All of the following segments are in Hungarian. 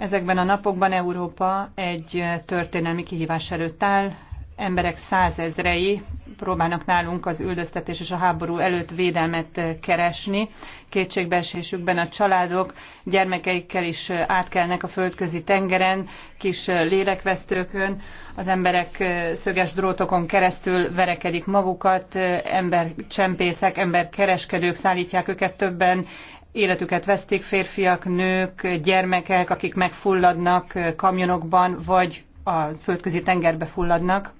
Ezekben a napokban Európa egy történelmi kihívás előtt áll. Emberek százezrei próbálnak nálunk az üldöztetés és a háború előtt védelmet keresni. Kétségbeesésükben a családok gyermekeikkel is átkelnek a földközi tengeren, kis lélekvesztőkön. Az emberek szöges drótokon keresztül verekedik magukat, embercsempészek, emberkereskedők szállítják őket többen életüket vesztik, férfiak, nők, gyermekek, akik megfulladnak kamionokban, vagy a földközi tengerbe fulladnak.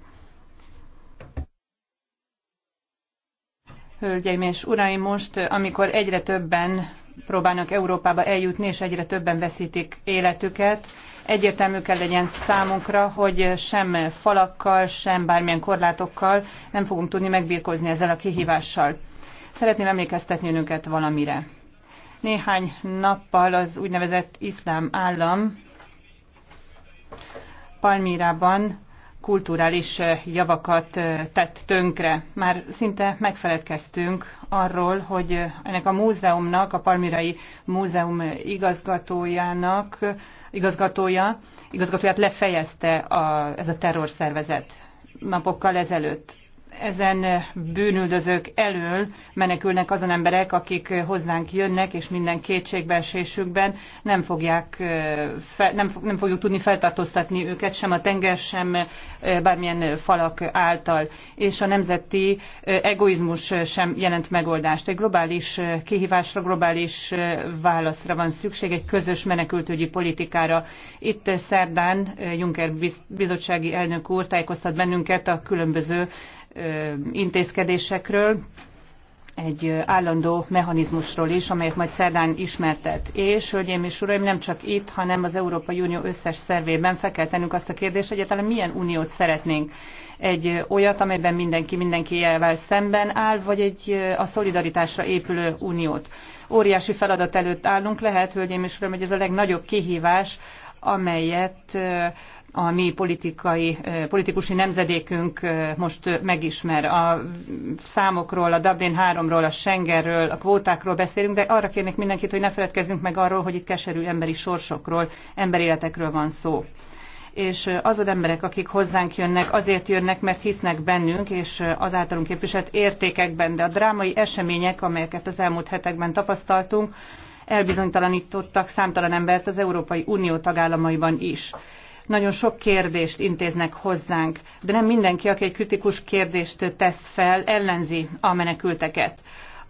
Hölgyeim és uraim, most, amikor egyre többen próbálnak Európába eljutni, és egyre többen veszítik életüket, egyértelmű kell legyen számunkra, hogy sem falakkal, sem bármilyen korlátokkal nem fogunk tudni megbírkozni ezzel a kihívással. Szeretném emlékeztetni önöket valamire. Néhány nappal az úgynevezett iszlám állam Palmírában kulturális eh, javakat eh, tett tönkre. Már szinte megfeledkeztünk arról, hogy eh, ennek a múzeumnak, a Palmirai Múzeum igazgatójának, igazgatója, igazgatóját lefejezte a, ez a terrorszervezet napokkal ezelőtt ezen bűnüldözők elől menekülnek azon emberek, akik hozzánk jönnek, és minden kétségbeesésükben nem, fogják, nem, nem fogjuk tudni feltartóztatni őket sem a tenger, sem bármilyen falak által. És a nemzeti egoizmus sem jelent megoldást. Egy globális kihívásra, globális válaszra van szükség, egy közös menekültügyi politikára. Itt szerdán Juncker bizottsági elnök úr tájékoztat bennünket a különböző intézkedésekről, egy állandó mechanizmusról is, amelyet majd szerdán ismertet. És, hölgyeim és uraim, nem csak itt, hanem az Európai Unió összes szervében fel kell tennünk azt a kérdést, hogy egyáltalán milyen uniót szeretnénk. Egy olyat, amelyben mindenki jelvel szemben áll, vagy egy a szolidaritásra épülő uniót. Óriási feladat előtt állunk, lehet, hölgyeim és uraim, hogy ez a legnagyobb kihívás, amelyet a mi politikai, politikusi nemzedékünk most megismer. A számokról, a Dublin 3-ról, a Schengenről, a kvótákról beszélünk, de arra kérnék mindenkit, hogy ne feledkezzünk meg arról, hogy itt keserű emberi sorsokról, emberéletekről van szó és az az emberek, akik hozzánk jönnek, azért jönnek, mert hisznek bennünk, és az általunk képviselt értékekben, de a drámai események, amelyeket az elmúlt hetekben tapasztaltunk, elbizonytalanítottak számtalan embert az Európai Unió tagállamaiban is. Nagyon sok kérdést intéznek hozzánk, de nem mindenki, aki egy kritikus kérdést tesz fel, ellenzi a menekülteket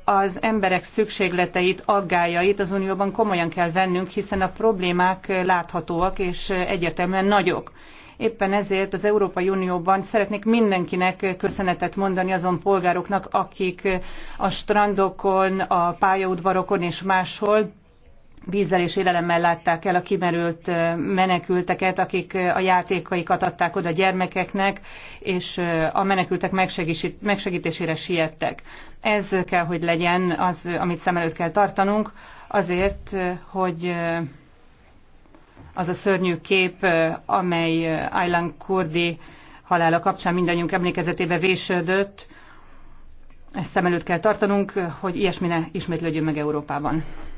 az emberek szükségleteit, aggájait az Unióban komolyan kell vennünk, hiszen a problémák láthatóak és egyértelműen nagyok. Éppen ezért az Európai Unióban szeretnék mindenkinek köszönetet mondani azon polgároknak, akik a strandokon, a pályaudvarokon és máshol vízzel és élelemmel látták el a kimerült menekülteket, akik a játékaikat adták oda gyermekeknek, és a menekültek megsegítésére siettek. Ez kell, hogy legyen az, amit szem előtt kell tartanunk, azért, hogy az a szörnyű kép, amely Aylan Kurdi halála kapcsán mindannyiunk emlékezetébe vésődött, ezt szem előtt kell tartanunk, hogy ilyesmi ne ismétlődjön meg Európában.